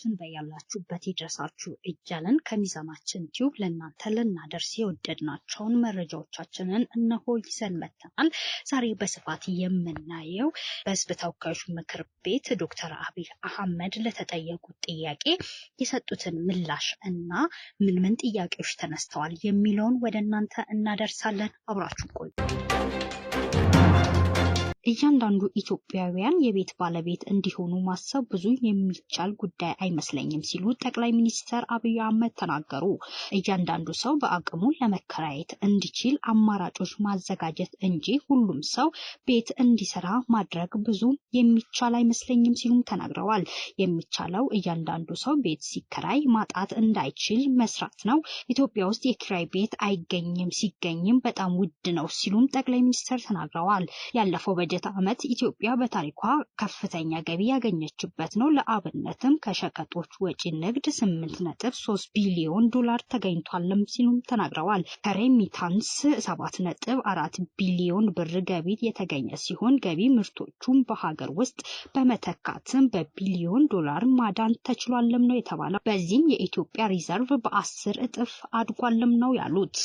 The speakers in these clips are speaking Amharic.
ሰላምታችን በያላችሁበት ይድረሳችሁ እያለን ከሚዛናችን ቲዩብ ለእናንተ ልናደርስ የወደድናቸውን መረጃዎቻችንን እነሆ ይዘን መጥተናል። ዛሬ በስፋት የምናየው በህዝብ ተወካዮች ምክር ቤት ዶክተር አብይ አህመድ ለተጠየቁት ጥያቄ የሰጡትን ምላሽ እና ምን ምን ጥያቄዎች ተነስተዋል የሚለውን ወደ እናንተ እናደርሳለን። አብራችሁ ቆዩ። እያንዳንዱ ኢትዮጵያውያን የቤት ባለቤት እንዲሆኑ ማሰብ ብዙ የሚቻል ጉዳይ አይመስለኝም ሲሉ ጠቅላይ ሚኒስትር አብይ አህመድ ተናገሩ። እያንዳንዱ ሰው በአቅሙ ለመከራየት እንዲችል አማራጮች ማዘጋጀት እንጂ ሁሉም ሰው ቤት እንዲሰራ ማድረግ ብዙ የሚቻል አይመስለኝም ሲሉም ተናግረዋል። የሚቻለው እያንዳንዱ ሰው ቤት ሲከራይ ማጣት እንዳይችል መስራት ነው። ኢትዮጵያ ውስጥ የኪራይ ቤት አይገኝም፣ ሲገኝም በጣም ውድ ነው ሲሉም ጠቅላይ ሚኒስትር ተናግረዋል። ያለፈው በጀ በበጀት ዓመት ኢትዮጵያ በታሪኳ ከፍተኛ ገቢ ያገኘችበት ነው። ለአብነትም ከሸቀጦች ወጪ ንግድ 8.3 ቢሊዮን ዶላር ተገኝቷልም ሲሉም ተናግረዋል። ከሬሚታንስ 7.4 ቢሊዮን ብር ገቢ የተገኘ ሲሆን ገቢ ምርቶቹም በሀገር ውስጥ በመተካትም በቢሊዮን ዶላር ማዳን ተችሏልም ነው የተባለው። በዚህም የኢትዮጵያ ሪዘርቭ በአስር እጥፍ አድጓልም ነው ያሉት።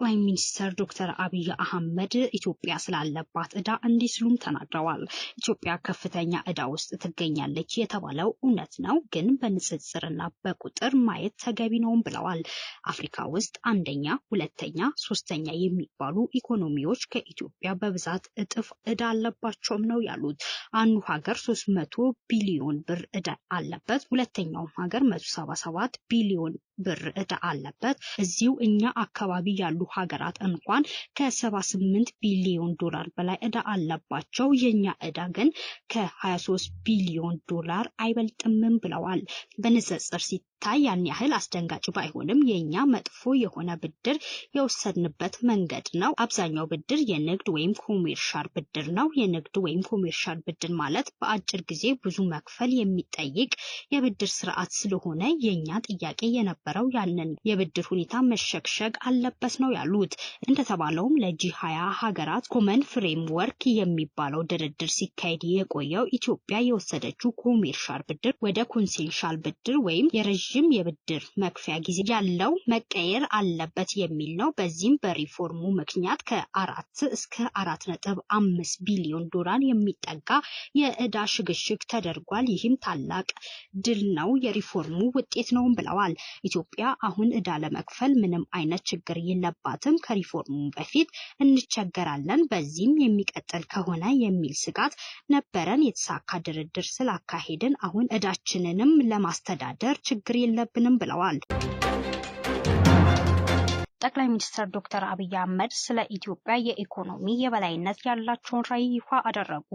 ጠቅላይ ሚኒስትር ዶክተር አብይ አህመድ ኢትዮጵያ ስላለባት እዳ እንዲህ ሲሉም ተናግረዋል። ኢትዮጵያ ከፍተኛ እዳ ውስጥ ትገኛለች የተባለው እውነት ነው፣ ግን በንጽጽርና በቁጥር ማየት ተገቢ ነውም ብለዋል። አፍሪካ ውስጥ አንደኛ፣ ሁለተኛ፣ ሶስተኛ የሚባሉ ኢኮኖሚዎች ከኢትዮጵያ በብዛት እጥፍ እዳ አለባቸውም ነው ያሉት። አንዱ ሀገር 300 ቢሊዮን ብር እዳ አለበት፣ ሁለተኛውም ሀገር 177 ቢሊዮን ብር እዳ አለበት። እዚሁ እኛ አካባቢ ያሉ ሀገራት እንኳን ከ78 ቢሊዮን ዶላር በላይ እዳ አለባቸው። የኛ እዳ ግን ከ23 ቢሊዮን ዶላር አይበልጥምም ብለዋል። በንጽጽር ሲታይ ያን ያህል አስደንጋጭ ባይሆንም የኛ መጥፎ የሆነ ብድር የወሰድንበት መንገድ ነው። አብዛኛው ብድር የንግድ ወይም ኮሜርሻል ብድር ነው። የንግድ ወይም ኮሜርሻል ብድር ማለት በአጭር ጊዜ ብዙ መክፈል የሚጠይቅ የብድር ስርዓት ስለሆነ የኛ ጥያቄ የነበረ የነበረው ያንን የብድር ሁኔታ መሸግሸግ አለበት ነው ያሉት። እንደተባለውም ለጂ ሀያ ሀገራት ኮመን ፍሬምወርክ የሚባለው ድርድር ሲካሄድ የቆየው ኢትዮጵያ የወሰደችው ኮሜርሻል ብድር ወደ ኮንሴንሻል ብድር ወይም የረዥም የብድር መክፊያ ጊዜ ያለው መቀየር አለበት የሚል ነው። በዚህም በሪፎርሙ ምክንያት ከአራት እስከ አራት ነጥብ አምስት ቢሊዮን ዶላር የሚጠጋ የእዳ ሽግሽግ ተደርጓል። ይህም ታላቅ ድል ነው፣ የሪፎርሙ ውጤት ነውም ብለዋል። ኢትዮጵያ አሁን እዳ ለመክፈል ምንም አይነት ችግር የለባትም፣ ከሪፎርሙ በፊት እንቸገራለን፣ በዚህም የሚቀጥል ከሆነ የሚል ስጋት ነበረን። የተሳካ ድርድር ስላካሄድን አሁን እዳችንንም ለማስተዳደር ችግር የለብንም ብለዋል። ጠቅላይ ሚኒስትር ዶክተር አብይ አህመድ ስለ ኢትዮጵያ የኢኮኖሚ የበላይነት ያላቸውን ራዕይ ይፋ አደረጉ።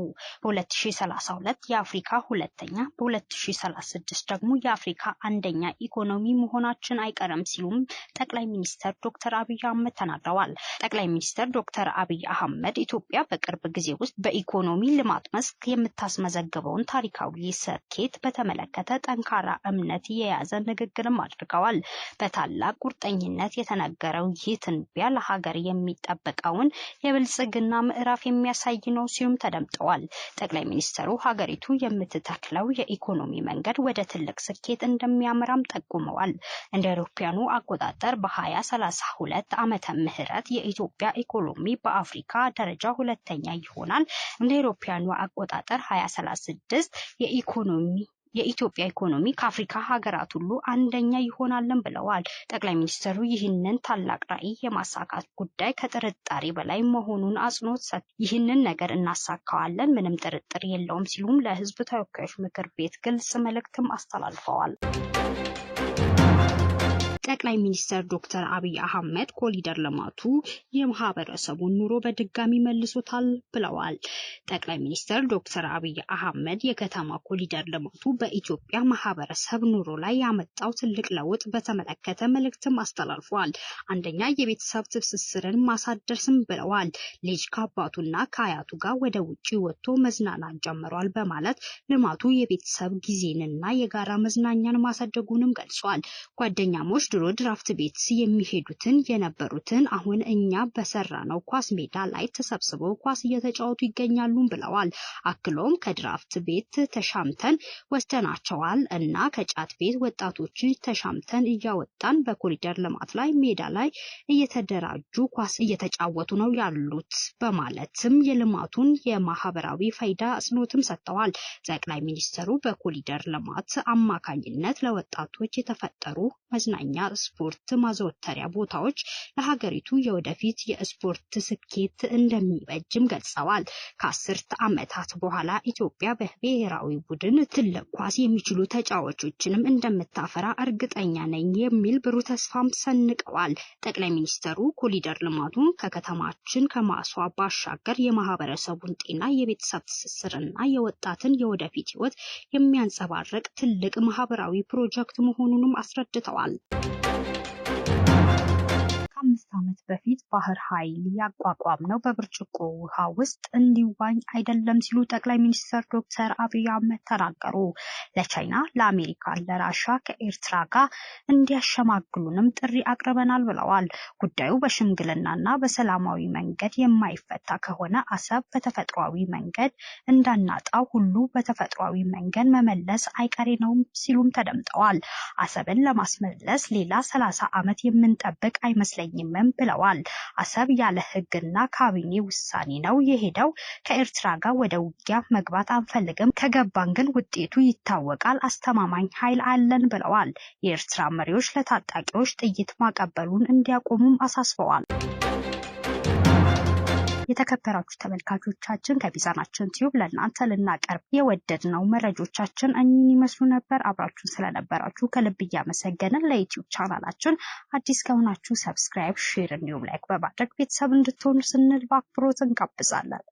በ2032 የአፍሪካ ሁለተኛ፣ በ2036 ደግሞ የአፍሪካ አንደኛ ኢኮኖሚ መሆናችን አይቀርም ሲሉም ጠቅላይ ሚኒስትር ዶክተር አብይ አህመድ ተናግረዋል። ጠቅላይ ሚኒስትር ዶክተር አብይ አህመድ ኢትዮጵያ በቅርብ ጊዜ ውስጥ በኢኮኖሚ ልማት መስክ የምታስመዘግበውን ታሪካዊ ስኬት በተመለከተ ጠንካራ እምነት የያዘ ንግግርም አድርገዋል። በታላቅ ቁርጠኝነት የተነገረ የነበረው ይህ ትንቢያ ለሀገር የሚጠበቀውን የብልጽግና ምዕራፍ የሚያሳይ ነው ሲሉም ተደምጠዋል። ጠቅላይ ሚኒስትሩ ሀገሪቱ የምትተክለው የኢኮኖሚ መንገድ ወደ ትልቅ ስኬት እንደሚያምራም ጠቁመዋል። እንደ አውሮፓውያኑ አቆጣጠር በ2032 ዓመተ ምህረት የኢትዮጵያ ኢኮኖሚ በአፍሪካ ደረጃ ሁለተኛ ይሆናል። እንደ አውሮፓውያኑ አቆጣጠር 2036 የኢኮኖሚ የኢትዮጵያ ኢኮኖሚ ከአፍሪካ ሀገራት ሁሉ አንደኛ ይሆናለን ብለዋል። ጠቅላይ ሚኒስትሩ ይህንን ታላቅ ራዕይ የማሳካት ጉዳይ ከጥርጣሬ በላይ መሆኑን አጽንኦት ሰጥ ይህንን ነገር እናሳካዋለን፣ ምንም ጥርጥር የለውም ሲሉም ለሕዝብ ተወካዮች ምክር ቤት ግልጽ መልእክትም አስተላልፈዋል። ጠቅላይ ሚኒስትር ዶክተር አብይ አህመድ ኮሊደር ልማቱ የማህበረሰቡን ኑሮ በድጋሚ መልሶታል ብለዋል። ጠቅላይ ሚኒስትር ዶክተር አብይ አህመድ የከተማ ኮሊደር ልማቱ በኢትዮጵያ ማህበረሰብ ኑሮ ላይ ያመጣው ትልቅ ለውጥ በተመለከተ መልእክትም አስተላልፏል። አንደኛ የቤተሰብ ትስስርን ማሳደርስም ብለዋል። ልጅ ከአባቱና ከአያቱ ጋር ወደ ውጭ ወጥቶ መዝናናት ጀምሯል በማለት ልማቱ የቤተሰብ ጊዜንና የጋራ መዝናኛን ማሳደጉንም ገልጿል። ጓደኛሞች ድሮ ድራፍት ቤት የሚሄዱትን የነበሩትን አሁን እኛ በሰራ ነው ኳስ ሜዳ ላይ ተሰብስበው ኳስ እየተጫወቱ ይገኛሉ ብለዋል። አክሎም ከድራፍት ቤት ተሻምተን ወስደናቸዋል እና ከጫት ቤት ወጣቶች ተሻምተን እያወጣን በኮሪደር ልማት ላይ ሜዳ ላይ እየተደራጁ ኳስ እየተጫወቱ ነው ያሉት በማለትም የልማቱን የማህበራዊ ፋይዳ አጽንኦትም ሰጥተዋል። ጠቅላይ ሚኒስትሩ በኮሪደር ልማት አማካኝነት ለወጣቶች የተፈጠሩ መዝናኛ ስፖርት ማዘወተሪያ ቦታዎች ለሀገሪቱ የወደፊት የስፖርት ስኬት እንደሚበጅም ገልጸዋል። ከአስርት ዓመታት በኋላ ኢትዮጵያ በብሔራዊ ቡድን ትልቅ ኳስ የሚችሉ ተጫዋቾችንም እንደምታፈራ እርግጠኛ ነኝ የሚል ብሩህ ተስፋም ሰንቀዋል። ጠቅላይ ሚኒስትሩ ኮሊደር ልማቱን ከከተማችን ከማስዋብ ባሻገር የማህበረሰቡን ጤና፣ የቤተሰብ ትስስርና የወጣትን የወደፊት ህይወት የሚያንጸባርቅ ትልቅ ማህበራዊ ፕሮጀክት መሆኑንም አስረድተዋል። ከአምስት ዓመት በፊት ባህር ኃይል ነው። በብርጭቆ ውሃ ውስጥ እንዲዋኝ አይደለም ሲሉ ጠቅላይ ሚኒስትር ዶክተር አብይ አህመድ ተናገሩ። ለቻይና፣ ለአሜሪካ፣ ለራሻ ከኤርትራ ጋር እንዲያሸማግሉንም ጥሪ አቅርበናል ብለዋል። ጉዳዩ በሽምግልናና በሰላማዊ መንገድ የማይፈታ ከሆነ አሰብ በተፈጥሯዊ መንገድ እንዳናጣው ሁሉ በተፈጥሯዊ መንገድ መመለስ አይቀሬ ነው ሲሉም ተደምጠዋል። አሰብን ለማስመለስ ሌላ ሰላሳ ዓመት የምንጠብቅ አይመስለኝም አይመስለኝምም ብለዋል። አሰብ ያለ ህግና ካቢኔ ውሳኔ ነው የሄደው። ከኤርትራ ጋር ወደ ውጊያ መግባት አንፈልግም፣ ከገባን ግን ውጤቱ ይታወቃል። አስተማማኝ ኃይል አለን ብለዋል። የኤርትራ መሪዎች ለታጣቂዎች ጥይት ማቀበሉን እንዲያቆሙም አሳስበዋል። የተከበራችሁ ተመልካቾቻችን ከቢዛናችን ቲዩብ ለእናንተ ልናቀርብ የወደድነው መረጆቻችን እኚህን ይመስሉ ነበር። አብራችሁን ስለነበራችሁ ከልብ እያመሰገንን ለዩትዩብ ቻናላችን አዲስ ከሆናችሁ ሰብስክራይብ፣ ሼር እንዲሁም ላይክ በማድረግ ቤተሰብ እንድትሆኑ ስንል በአክብሮት እንጋብዛለን።